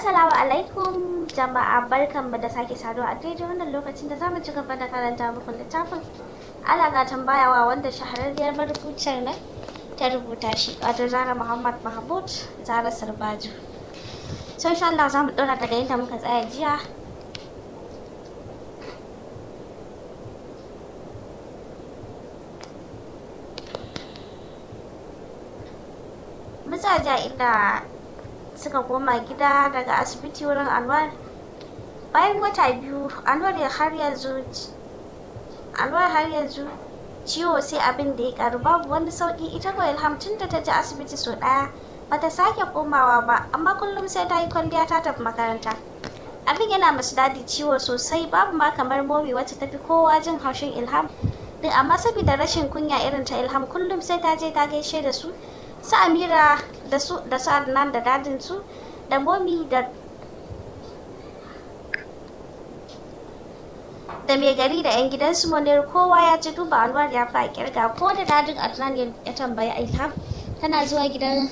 Assalamu alaikum jama'a barkan barkanmu da sake saduwa a daidai wannan lokacin da zamu ci gaba da karanta muku littafin tambaya wa wanda shahararriyar marubuciyar nan ta rubuta shi wato Zara Muhammad Mahmud Zara Sarbaju. So insha Allah zamu ɗora daga yadda muka tsaya jiya Mazaja inda suka koma gida daga asibiti wurin anwar bayan wata biyu anwar har yanzu anwar har yanzu ciwo sai abin da ya karu babu wani sauki ita ko ilham tun da ta ji asibiti sau daya bata sake komawa ba amma kullum sai ta yi kwalliya ta tafi makaranta abin yana masu dadi ciwo sosai babu ma kamar bobi wacce tafi kowa jin haushin ilham din amma saboda rashin kunya irin ta ilham kullum sai ta je ta gaishe da su su amira da su adnan da dadin su da momi da mai gari da 'yan gidan su munir kowa ya ci duba alwar ya fa kirga ko da dadin adnan ya tambayi ilham tana zuwa gidan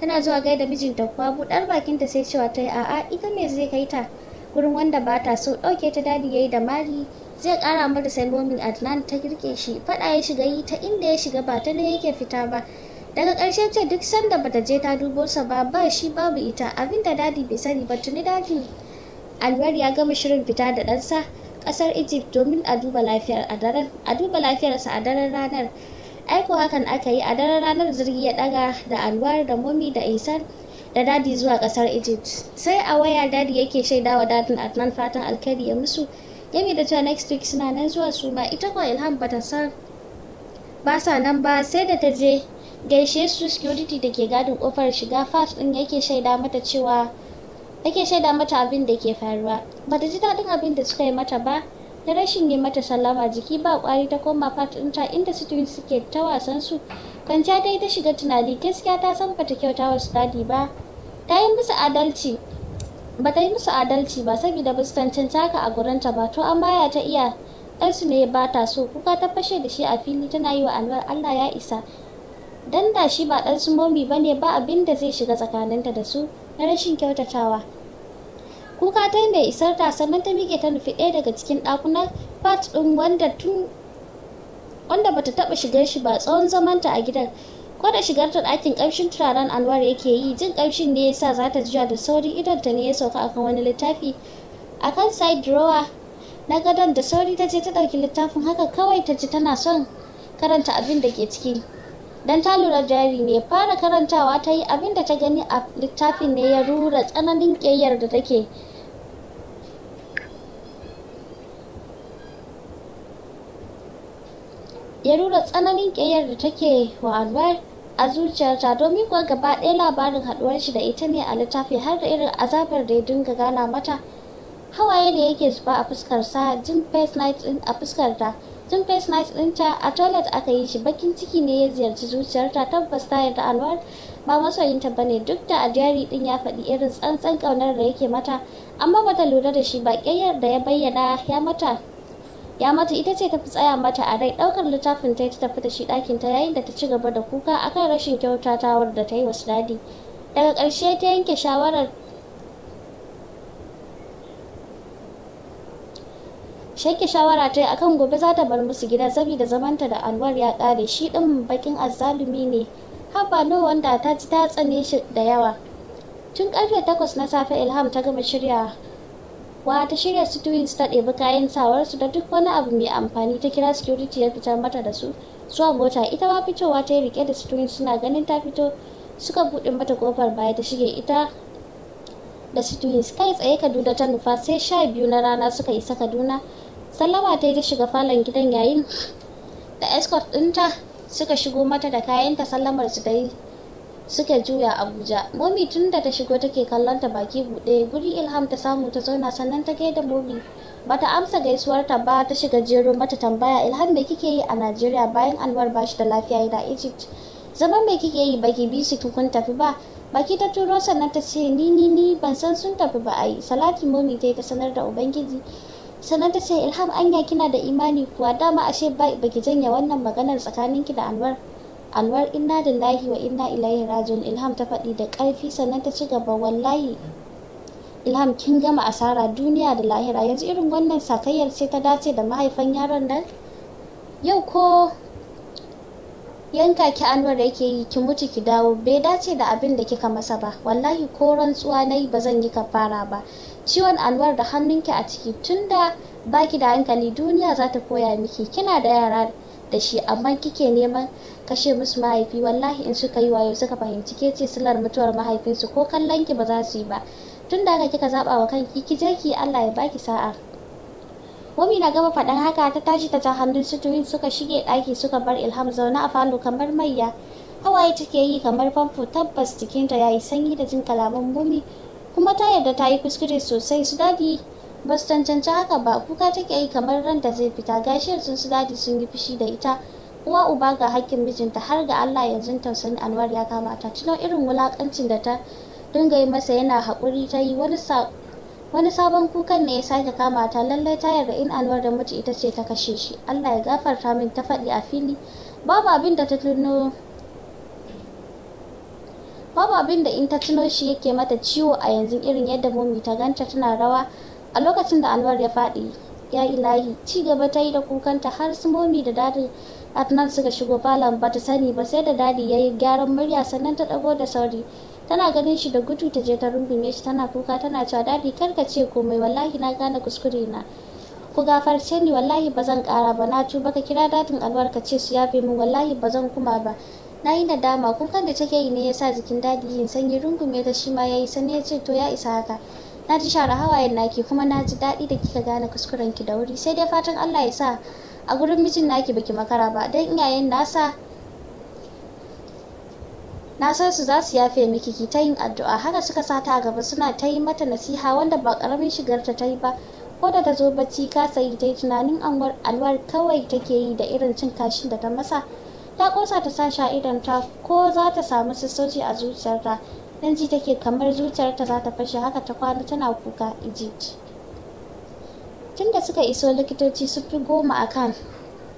tana zuwa gaida mijinta kuwa buɗar ta sai cewa ta yi a'a ita me zai kai ta gurin wanda ba ta so ɗauke ta dadi yayi da mari zai ƙara mata momin adnan ta girke shi faɗa ya shiga yi ta inda ya shiga ba ta da yake fita ba daga ƙarshe ce duk sanda bata je ta dubo sa ba ba shi babu ita abinda dadi bai sani ba tuni dadi alwar ya gama shirin fita da ɗansa ƙasar egypt domin a duba lafiyar a daren a duba lafiyarsa a daren ranar aiko hakan aka yi a daren ranar jirgi ya daga da alwar da momi da isan da dadi zuwa kasar egypt sai a waya dadi yake shaida wa dadin adnan fatan alkhairi ya musu yami da cewa next week suna nan zuwa su ba ita kuwa ilham bata san ba sa nan ba sai da ta je gaishe su security da ke gadin kofar shiga fas din yake shaida mata cewa yake shaida mata abin da ke faruwa bata ji daɗin abin da suka yi mata ba na rashin yi mata sallama jiki ba kwari ta koma fat ta inda security suke ta wasan su kwanciya dai ta shiga tunani gaskiya ta san bata kyauta wa dadi ba ta yi musu adalci ba ta yi musu adalci ba saboda ba su cancanta haka a gurinta ba to an baya ta iya ɗansu ne ba ta so kuka ta fashe da shi a fili tana yi wa allah ya isa dan da shi ba dan sumbombi ba ne ba abin da zai shiga tsakaninta da su na rashin kyautatawa kuka ta mai isar ta sannan ta miƙe ta nufi ɗaya daga cikin ɗakunan fat ɗin wanda tun wanda bata taɓa shigar shi ba tsawon zamanta a gidan ko da shigar ta ɗakin ƙamshin turaren anwar yake yi jin ƙamshin ne ya sa za ta jiya da saurin idonta ta ne ya sauka akan wani littafi akan side drawer na gadon da sauri ta je ta ɗauki littafin haka kawai ta ji tana son karanta abin da ke ciki don ta lura jari ne fara karantawa ta yi abin da ta gani a littafin ne ya rura tsananin ƙeyar da take ya rura tsananin ƙeyar da take wa albar a zuciyarta domin kuwa gaba ɗaya labarin haɗuwar shi da ita ne a littafi har da irin azabar da ya dinga gana mata hawaye ne yake zuba a fuskarsa jin face night a fuskarta tun face mask ɗinta a toilet aka yi shi bakin ciki ne ya ziyarci zuciyarta tabbas ta yarda alwar ba masoyinta ba ne duk da a jari ɗin ya faɗi irin tsantsan kaunar da yake mata amma bata lura da shi ba ƙayyar da ya bayyana ya mata ya mata ita ce ta fi tsaya mata a rai ɗaukar littafin ta ta tafi da shi ɗakin ta yayin da ta ci gaba da kuka akan rashin kyautatawar da ta yi wa Sinadi daga karshe ta yanke shawarar shake shawara ta yi akan gobe za ta bar musu gida saboda zamanta da anwar ya kare shi din bakin azzalumi ne haba no wanda ta ji ta tsane shi da yawa tun karfe takwas na safe ilham ta gama shirya wa ta shirya su twins ta ɗebi kayan sawarsu da duk wani abu mai amfani ta kira security ya fitar mata da su zuwa mota ita ma fitowa ta yi rike da su suna ganin ta fito suka buɗe mata kofar baya ta shige ita da su twins kai tsaye kaduna ta nufa sai sha biyu na rana suka isa kaduna sallama ta yi ta shiga falon gidan yayin da escort ɗinta suka shigo mata da kayanta sallamar su dai suka juya abuja momi tun da ta shigo take kallon ta baki buɗe guri ilham ta samu ta zauna sannan ta gaida momi bata amsa gaisuwar ta ba ta shiga jero mata tambaya ilham me kike yi a najeriya bayan anwar bashi da lafiya yana egypt zaman me kike yi baki bi su kun tafi ba baki ta turo sannan ta ce ni ni ni ban san sun tafi ba ai salati momi ta yi ta sanar da ubangiji sannan ta ce ilham anya kina da imani kuwa dama ashe baki janya wannan maganar tsakanin ki da alwar anwar inna lahi wa inna ilaihi rajiun ilham ta faɗi da ƙarfi sannan ta ci gaba wallahi ilham kin gama asara duniya da lahira yanzu irin wannan sakayyar ce ta dace da mahaifan yaron nan yau ko yanka ki anwar yake yi ki mutu ki dawo bai dace da abin da kika masa ba wallahi ko rantsuwa na yi ba zan yi ka fara ba ciwon alwar da hannunki a ciki tunda baki da hankali duniya za ta koya miki kina da yara da shi amma kike neman kashe musu mahaifi wallahi in suka yi wayo suka fahimci ke ce silar mutuwar mahaifinsu ko kallon ki ba za su yi ba tun da haka kika zaba wa kanki ki je ki Allah ya baki sa'a Wami na gama faɗan haka ta tashi ta ta hannun su suka shige ɗaki suka bar Ilham zaune a falo kamar mayya. Hawaye take yi kamar famfo tabbas jikinta ya yi sanyi da jin kalaman Momi kuma ta yarda ta yi kuskure sosai su dadi ba su cancanci haka ba kuka take yi kamar ran da zai fita gashiyar sun su dadi sun yi fushi da ita uwa uba ga hakkin mijinta har ga Allah yanzu tausayin Anwar ya kama ta irin wulakancin da ta dinga yi masa yana haƙuri ta yi wani wani sabon kukan ne ya sake kama ta lallai ta yarda in alwar da mace ita ce ta kashe shi allah ya gafarta min ta faɗi a fili babu abin da ta in ta tuno shi yake mata ciwo a yanzu irin yadda momi ta ganta tana rawa a lokacin da alwar ya faɗi ya ilahi ci gaba ta yi da kukanta har su momi da dadi adnan suka shigo falon ba ta sani ba sai da dadi ya yi gyaran murya sannan ta ɗago da sauri tana ganin shi da gudu ta je ta rungume shi tana kuka tana cewa dadi kar ka ce komai wallahi na gane kuskure na ku gafarce ni wallahi ba zan kara ba na tuba ka kira dadin alwar ka ce su yafe min wallahi ba zan kuma ba na yi nadama kukan da take yi ne ya sa jikin dadi yin sanyi rungume ta shi ma ya yi sani ya ce to ya isa haka na ji share hawayen naki kuma na ji daɗi da kika gane kuskuren ki da wuri sai dai fatan Allah ya sa a gurin mijin naki baki makara ba don iyayen nasa na san su za su yafe miki ki ta yin addu'a haka suka sa ta a gaba suna ta yi mata nasiha wanda ba karamin shigarta ta yi ba ko da ta zo bacci kasa yi ta yi tunanin anwar alwar kawai take yi da irin cin kashin da ta masa ta kosa ta sa sha idan ta ko za ta samu sassauci a zuciyarta dan ji take kamar zuciyarta za ta fashe haka ta kwana tana kuka iji tun da suka iso likitoci sun fi goma akan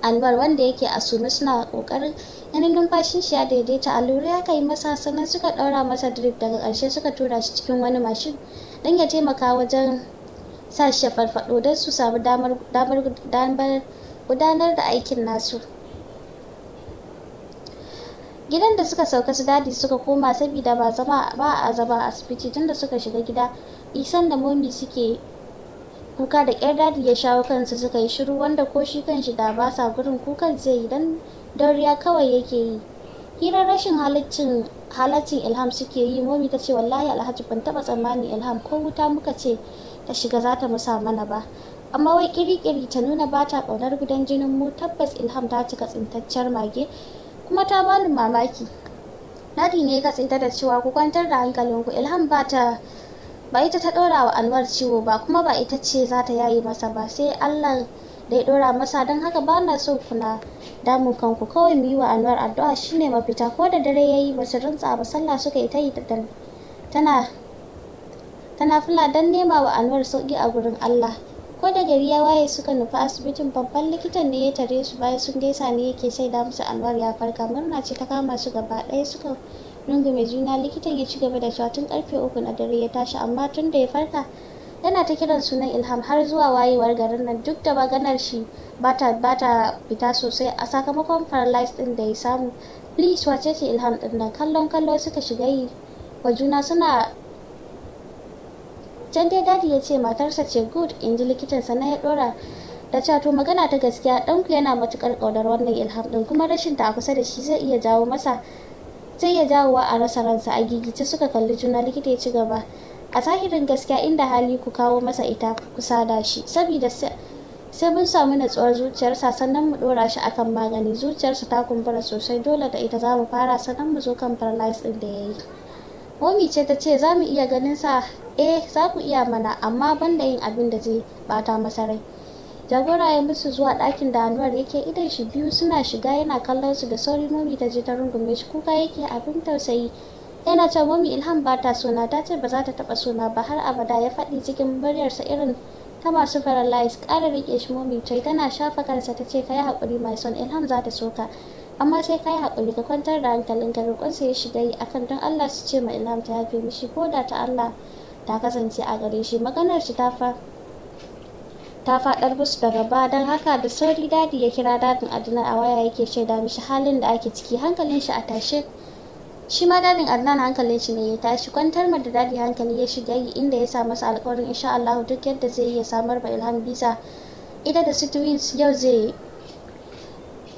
Anwar wanda yake a suna suna kokarin yanin numfashin shi ya daidaita a lura ya kai masa sannan suka daura masa drip daga ƙarshe suka tura shi cikin wani mashin don ya taimaka wajen sa shi farfado don su samu damar gudanar da aikin nasu. gidan da suka sauka su dadi suka koma sabida ba zama a zama asibiti tunda suka shiga gida isan da momi suke kuka da ƙyar dadi ya shawo kansu suka yi shiru wanda ko shi kanshi da ba sa gurin kukan zai yi dan dauriya kawai yake yi hirar rashin halaccin ilham suke yi momi ta ce wallahi alhaji ban taba tsammanin ilham ko wuta muka ce ta shiga za ta musa mana ba amma wai kirikiri ta nuna ba ta ƙaunar gudan jinin mu tabbas ilham ta cika tsintacciyar mage kuma ta bani mamaki nadi ne ka tsinta da cewa ku kwantar da hankalinku ilham ba ta ba ita ta ɗora wa anwar ciwo ba kuma ba ita ce za ta yayi masa ba sai allah da ya ɗora masa don haka ba na so kuna damun kanku kawai mu yi wa anwar addu'a shine mafita ko da dare yayi ba su rintsa ba sallah suka yi ta yi tana tana fula don nema wa anwar sauki a gurin allah ko da gari ya waye suka nufi asibitin babban likitan da ya tare su bayan sun gaisa ne yake shaida musu anwar ya farka murna ce ta kama su gaba ɗaya suka mai juna likitan ya ci gaba da cewa tun karfe uku na dare ya tashi amma tun da ya farka yana ta kiran sunan ilham har zuwa wayewar garin nan duk da maganar shi bata bata fita sosai a sakamakon paralyzed din da ya samu please wace ce ilham din nan kallon kallo suka shiga yi wa juna suna can dai dadi ya ce matarsa ce good in ji likitan na ya dora da cewa to magana ta gaskiya ɗanku yana matukar ƙaunar wannan ilham din kuma rashin ta a kusa da shi zai iya jawo masa zai iya jawowa a rasa ransa a gigice suka kalli juna likita ya ci gaba a zahirin gaskiya inda hali ku kawo masa ita kusa da shi saboda sai mun samu natsuwar zuciyarsa sannan mu dora shi akan magani zuciyarsa ta kumbura sosai dole da ita za mu fara sannan mu zo kan paralysis din da yayi yi momi ce ta ce za mu iya ganin sa eh za ku iya mana amma banda yin abin da zai bata masa rai jagora ya musu zuwa ɗakin da Anwar yake idan shi biyu suna shiga yana kallon su da sauri mami ta je ta rungume shi kuka yake abin tausayi yana ce mami ilham ba ta sona ta ce ba za ta taɓa sona ba har abada ya faɗi cikin muryarsa irin ta masu paralyzed ƙara rike shi mami tai tana shafa kansa ta ce kai haƙuri mai son ilham za ta soka amma sai kai haƙuri ka kwantar da hankalin ka sai ya shiga yi akan don Allah su ce ma ilham ta yafe mishi ko da ta Allah ta kasance a gare shi maganar shi ta fa ta faɗar musu daga ba don haka da sauri dadi ya kira dadin adnan a waya yake shaida mishi halin da ake ciki hankalin shi a tashe shi ma dadin adnan hankalin shi ne ya tashi kwantar ma da dadi hankali ya shiga yi inda ya sa masa alƙawarin insha Allah duk yadda zai iya samar ba ilham bisa ita da su yau zai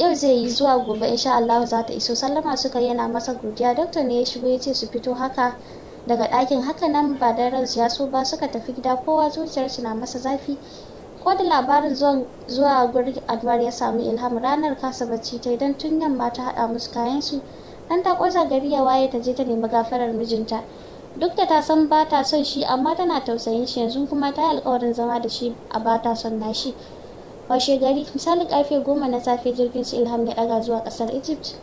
yau zai yi zuwa gobe insha Allah za ta iso sallama suka yana masa godiya doctor ne ya shigo ya ce su fito haka daga dakin haka nan ba da ransu ya so ba suka tafi gida kowa zuciyar na masa zafi ko da labarin zuwa gurin adwar ya samu ilham ranar kasa bacci ta idan tun yamma ta haɗa musu kayan su dan ta ƙosa gari ya waye ta je ta nemi gafarar mijinta duk da ta san ba ta son shi amma tana tausayin shi yanzu kuma ta yi alƙawarin zama da shi a ba ta son na shi. washe gari misali karfe goma na safe jirgin su ilham ya ɗaga zuwa ƙasar egypt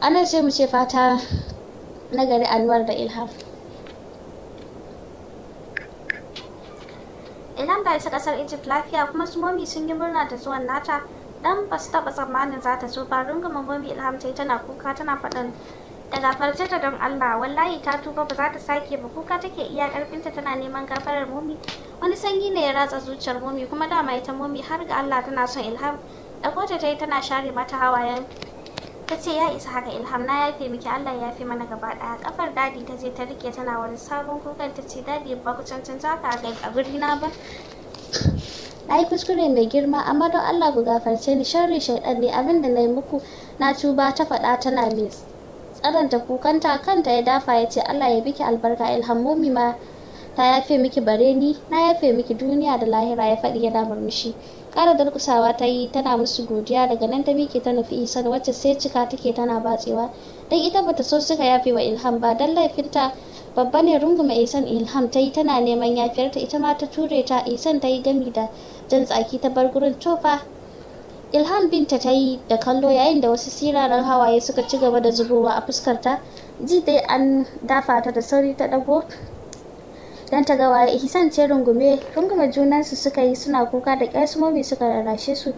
anan sai mu ce fata na gari anwar da ilham da isa kasar Egypt lafiya kuma su Bombi sun yi murna da zuwan nata dan ba su taɓa tsammanin za ta zo ba rungumin Bombi Ilham ta tana kuka tana faɗin daga ta don Allah wallahi ta tuba ba za ta sake ba kuka take iya karfinta tana neman gafarar momi wani sanyi ne ya ratsa zuciyar momi kuma dama ita momi har ga Allah tana son ilham ɗauko ta ta yi tana share mata hawayen ta ce ya isa haka ilham na yafe miki allah ya fi mana gaba daya kafar dadi ta je ta rike tana wani sabon kukan ta ce dadi ba ku cancanta ka a guri na ba na yi kuskure mai girma amma don allah ku gafarce ni sharri shaidan ne abin da na yi muku na tuba ta faɗa tana mai tsaranta kukanta kanta ya dafa ya ce allah ya biki albarka ilhamomi ma ta yafe miki bareni na yafe miki duniya da lahira ya faɗi yana murmushi kara rukusawa ta yi tana musu godiya daga nan ta miƙe ta nufi isan wacce sai cika take tana batsewa dan ita bata so suka yafe wa ilham ba dan laifinta babba ne rungume isan ilham ta yi tana neman yafiyarta ita ma ta ture ta isan ta yi gami da jan tsaki ta bar gurin tofa ilham binta ta yi da kallo yayin da wasu siraran hawaye suka ci gaba da zubowa a fuskarta ji dai an dafa ta da sauri ta dago don ta gawa waye ihsan ce rungume rungume junansu suka yi suna kuka da ƙyar suka rarrashe su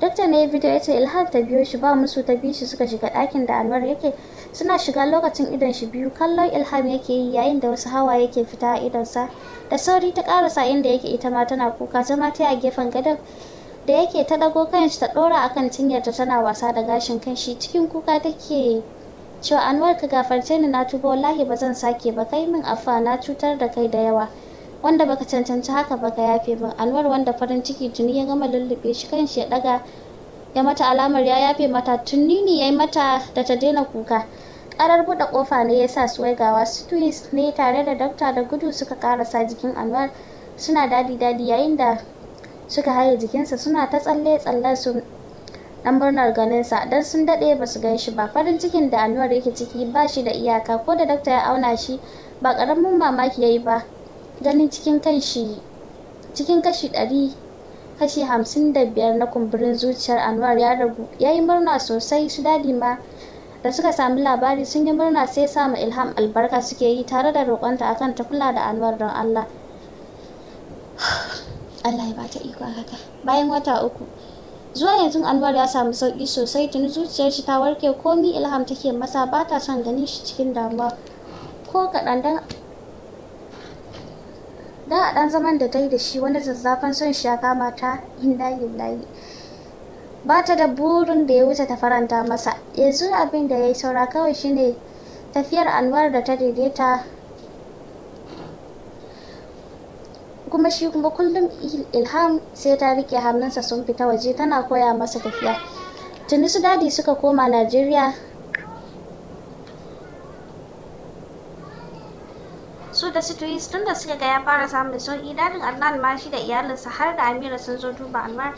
dokta ne ya bidiyo ya ce ilham ta biyo shi ba musu ta biyu shi suka shiga ɗakin da anwar yake suna shiga lokacin idon shi biyu kallon ilham yake yi yayin da wasu hawa yake fita a idonsa da sauri ta karasa inda yake ita ma tana kuka zama ta a gefen gadon da yake ta dago kanshi ta dora akan cinyarta tana wasa da gashin kanshi cikin kuka take cewa anuwar ka gafarce ni na tuba wallahi ba zan sake ba kai min afa na cutar da kai da yawa wanda baka cancanci haka baka yafe ba anwar wanda farin ciki tuni ya gama lullube shi shi ya daga ya mata alamar ya yafe mata tuni ne ya yi mata da ta daina kuka karar buɗe kofa ne ya sa su gawa su ne tare da dakta da gudu suka karasa jikin anwar suna dadi dadi yayin da suka haye jikinsa suna ta tsalle tsalle su dan murnar sa dan sun dade ba su gan shi ba farin cikin da anuwar yake ciki ba shi da iyaka ko da dakta ya auna shi ba karamin mamaki yayi ba ganin cikin kanshi cikin kashi ɗari kashi hamsin da biyar na kumburin zuciyar anwar ya ragu ya yi murna sosai su dadi ma da suka sami labari sun yi murna sai samu ilham albarka suke yi tare da roƙonta akan ta kula da anwar don allah allah ya bata iko haka bayan wata uku zuwa yanzu anwar ya samu sauki sosai tuni zuciyar shi ta warke komi ilham take masa ba ta son ganin shi cikin damuwa ko kaɗan dan da a ɗan zaman da ta yi da shi wani zazzafan son shi ya kama ta inda layi ba ta da burin da ya wuce ta faranta masa yanzu abin da ya saura kawai shine tafiyar anwar da ta daidaita kuma shi kuma kullum ilham sai ta rike hannunsa sun fita waje tana koya masa tafiya tuni su dadi suka koma najeriya su da situis tun da suka ga ya fara samun sauki dadin adnan ma shi da iyalinsa har da amira sun zo duba almar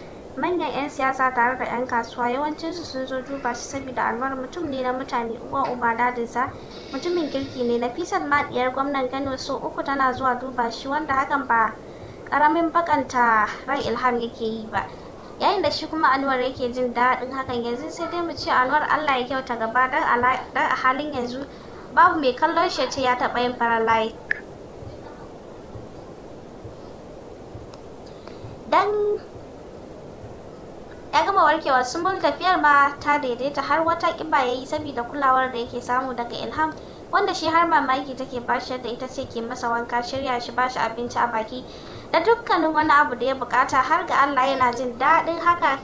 manyan 'yan siyasa tare da 'yan kasuwa yawancinsu sun zo duba shi saboda alwar mutum ne na mutane uwa uba dadinsa mutumin kirki ne na ma diyar gwamnan kano so uku tana zuwa duba shi wanda hakan ba karamin bakanta ran ilham yake yi ba yayin da shi kuma anwar yake jin daɗin hakan yanzu sai dai mu ce anwar allah ya kyauta gaba dan a halin yanzu babu mai kallon shi ce ya taɓa yin layi. dan ya gama warkewa sun tafiyar ma ta daidaita har wata kiba ya yi saboda kulawar da yake samu daga ilham wanda shi har mamaki take bashi da ita ce ke masa wanka shirya shi ba shi abinci a baki da dukkanin wani abu da ya bukata har ga Allah yana jin daɗin haka.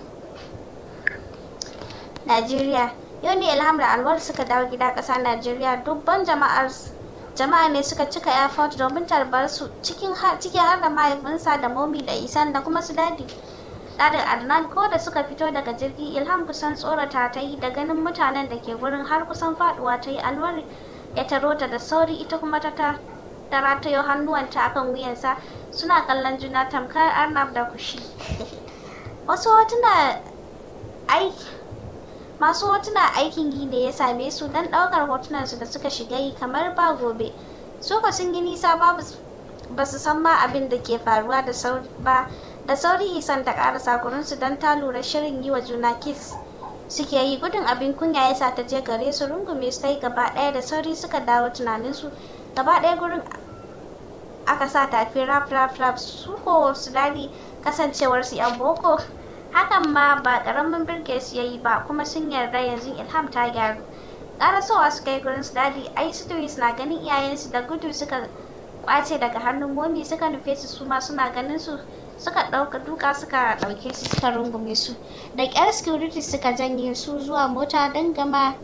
Najeriya Yoni Ilham da Alwar suka dawo gida ƙasa Najeriya dubban jama'ar jama'a ne suka cika airport domin tarbar su cikin ciki har da mahaifinsa da momi da isan da kuma su dadi dadin adnan ko da suka fito daga jirgi ilham kusan tsorata ta yi da ganin mutanen da ke wurin har kusan faduwa ta yi alwar ya taro ta da sauri ita kuma ta ta ta ratayo hannuwanta akan wuyansa suna kallon juna tamkar arnab da kushi wasu hotuna aiki masu hotuna aikin gini ya same su don ɗaukar hotunansu da suka shiga yi kamar ba gobe su sun gini sa ba su san ma abin da ke faruwa da sauri ba da sauri isan ta kara sakurinsu don ta lura shirin yi wa juna kiss suke yi gudun abin kunya ya sa ta je gare su rungume su ta yi gaba ɗaya da sauri suka dawo tunaninsu gaba ɗaya gurin aka sa tafi rap rap rap su ko su dadi kasancewar su yan boko hakan ma ba ƙaramin birge su yayi ba kuma sun yarda yanzu ilham ta gyaru karasowa suka yi gurin su dadi ai su na ganin iyayensu da gudu suka kwace daga hannun gombi suka nufe su su ma suna ganin su suka ɗauka duka suka ɗauke su suka rungume su da ƙyar security suka janye su zuwa mota don gama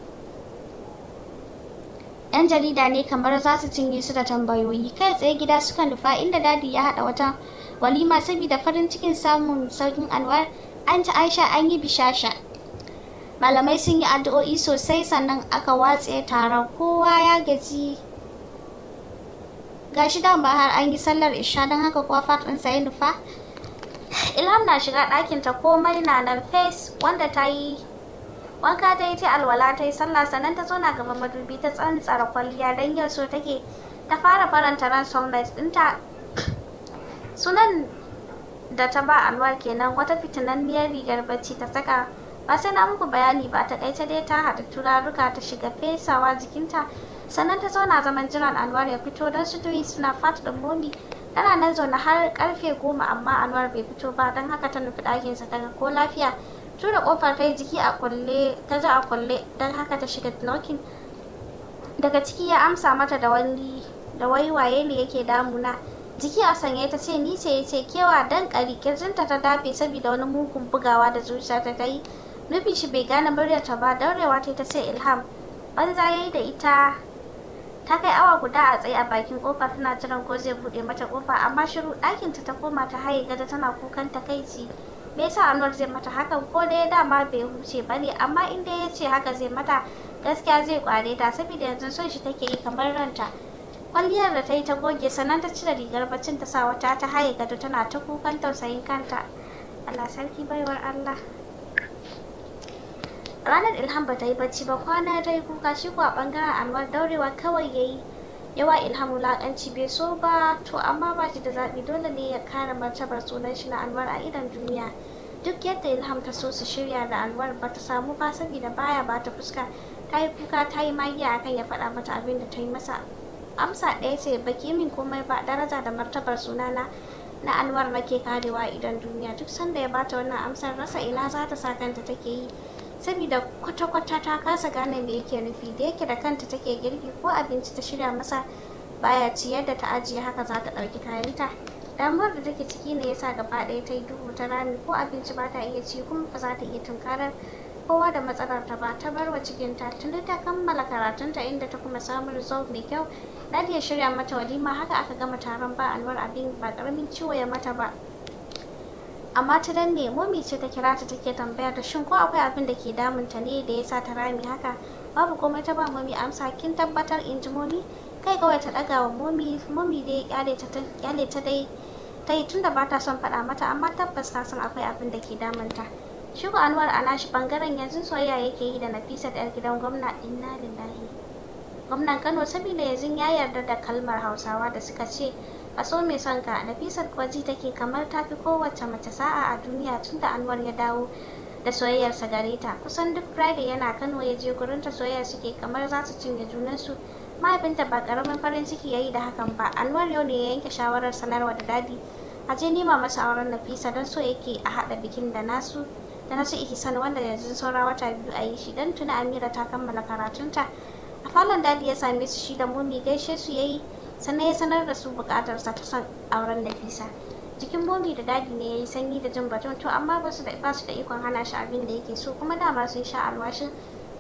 'yan jarida ne kamar za su cinye su da tambayoyi kai tsaye gida suka nufa inda dadi ya haɗa wata walima saboda farin cikin samun saukin alwar an ci aisha an yi bishasha malamai sun yi addu'o'i sosai sannan aka watse taron kowa ya gaji gashi da ba har an yi sallar isha don haka kowa fatin sai nufa ilham na shiga ɗakinta komai na nan face wanda ta yi wanka ta yi ta alwala ta yi sallah sannan ta zauna gaban madubi ta tsantsara kwalliya don yau so take ta fara faranta ran ɗinta sunan da ta ba alwar kenan wata biyar rigar bacci ta saka ba sai na muku bayani ba ta kai ta dai ta haɗa turaruka ta shiga fesawa jikinta sannan ta zauna zaman jiran alwar ya fito don su doyi suna fat ɗin bondi tana nan zaune har karfe goma amma alwar bai fito ba don haka ta nufi ɗakinsa daga ko lafiya tura kofar ta yi jiki a kulle ta ji a kulle don haka ta shiga nokin daga ciki ya amsa mata da wani da waiwaye ne yake damuna jiki a sanye ta ce ni ce yace kewa dan kari kirjinta ta dafe saboda wani mugun bugawa da zuciya ta tayi nufin shi bai gane murya ta ba daurewa ta ta ce ilham banza yayi da ita ta kai awa guda a tsaye a bakin kofa tana jiran ko zai bude mata kofa amma shiru ɗakinta ta koma ta haye gada tana kukan takaici me yasa Anwar zai mata haka ko dai dama bai huce ba ne amma in dai ya ce haka zai mata gaskiya zai kware ta saboda yanzu son shi take yi kamar ranta kwalliyar da ta yi ta goge sannan ta cire rigar bacin ta sa wata ta haye gado tana ta kukan tausayin kanta Allah sarki baiwar Allah ranar ilham ba ta yi bacci ba kwana dai kuka shi a bangaren anwar daurewa kawai ya yi yawa ilham wulakanci bai so ba to amma ba shi da zaɓi dole ne ya kare martabar sunan shi na alwar a idon duniya duk yadda ilham ta so su shirya da alwar ba ta samu ba da baya ba ta fuska ta yi kuka ta yi magiya a kan ya faɗa mata abin da ta yi masa amsa ɗaya ce baki min komai ba daraja da martabar suna na alwar nake karewa idan duniya duk sanda ya bata wannan amsar rasa ina za ta sa kanta take yi saboda kwata-kwata ta kasa gane me yake nufi da yake da kanta take girki ko abinci ta shirya masa baya ci yadda ta ajiye haka za ta ɗauki ta damuwar da take ciki ne yasa gaba ɗaya ta yi duhu ta rami ko abinci ba ta iya ci kuma ba za ta iya tunkarar kowa da matsalar ta ba ta bar wa cikinta tunda ta kammala karatunta inda ta kuma samu result mai kyau Nadia shirya mata walima haka aka gama taron ba alwar abin ba ƙaramin ciwo ya mata ba amma ta danne nemo mai ce ta kira ta take tambaya ta shin ko akwai abin da ke ta ne da ya sa ta rami haka babu komai ta ba momi amsa kin tabbatar in ji momi kai kawai ta ɗaga wa momi momi dai kyale ta dai ta yi tunda ba ta son faɗa mata amma tabbas ta san akwai abin da ke damunta shigo anwar a nashi bangaren yanzu soyayya yake yi da nafisa da yar gidan gwamna inna lillahi gwamnan kano sabida yanzu ya yarda da kalmar hausawa da suka ce a so mai son ka nafisat kuwa ji take kamar ta fi kowace mace sa'a a duniya tun da anwar ya dawo da soyayyarsa gare ta kusan duk friday yana kano ya je gurin ta soyayya suke kamar za su cinye su mahaifinta ba karamin farin ciki ya yi da hakan ba anwar yau ne ya yanke shawarar sanarwa da dadi a je nema masa auren nafisa don so yake a haɗa bikin da nasu da nasu ihsan wanda yanzu saura wata biyu a yi shi don tuna amira ta kammala karatunta a falon dadi ya same su shi da mumi gaishe su yayi sannan ya sanar da su sa ta son auren Nafisa. Jikin Bobi da Dadi ne ya yi sanyi da jin batun to amma ba su da da ikon hana shi abin da yake so kuma dama sun sha alwashin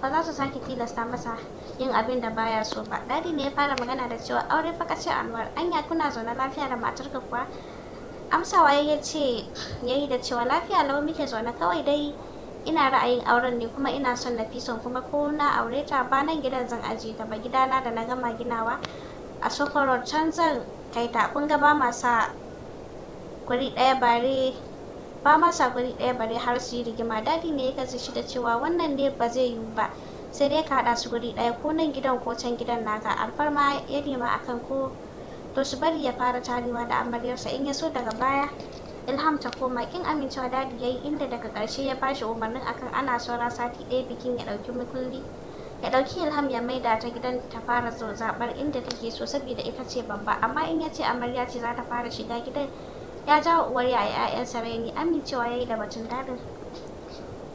ba za su sake tilasta masa yin abin da baya so ba. Dadi ne ya fara magana da cewa aure fa kace Anwar anya kuna zaune lafiya da matarka kuwa amsawa ya ce ya yi da cewa lafiya lau muke zaune kawai dai ina ra'ayin auren ne kuma ina son na kuma ko na aure ta ba nan gidan zan ajiye ta ba gidana da na gama ginawa a sokoro can zan kai ta ga ba masa guri ɗaya bare ba masa guri ɗaya bare har su yi rigima dadi ne ya gaza shi da cewa wannan ne ba zai yiwu ba sai dai ka haɗa su guri ɗaya ko nan gidan ko can gidan naka alfarma ya nema akan ko to su bari ya fara tarewa da amaryarsa in ya so daga baya ilham ta koma kin amincewa dadi yi inda daga ƙarshe ya bashi umarnin akan ana saura sati ɗaya bikin ya ɗauki mukulli ya ɗauki ilham ya da ta gidan ta fara zo zaɓar inda take so saboda ita ce babba amma in ya ce amarya ce za ta fara shiga gidan ya jawo uwar yaya sa raini amincewa ya yi da batun dadin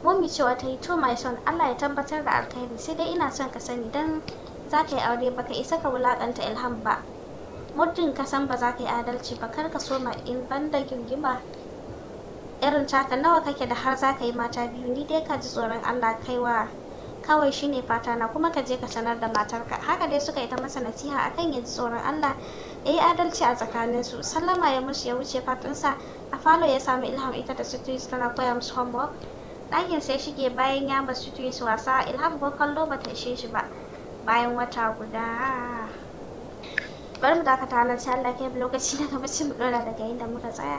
mummy cewa ta yi to my son allah ya tabbatar da alkhairi sai dai ina son ka sani dan za ka yi aure baka isa ka wulakanta ilham ba muddin ka san ba za ka yi adalci ba kar ka soma in banda gingima irin taka nawa kake da har za ka yi mata biyu ni dai ka ji tsoron allah kaiwa kawai shine fata na kuma ka je ka sanar da matarka haka dai suka yi ta masa nasiha akan ya ji tsoron Allah ya yi adalci a tsakanin su sallama ya musu ya wuce fatinsa a falo ya samu ilham ita da tuyi tana koya musu homework ɗakin sai shige bayan ya ma sutris wasa ilham ko kallo ba ta ishe shi ba bayan wata guda bari mu dakata nan sai Allah ya kai lokaci na gaba mu dora daga inda muka tsaya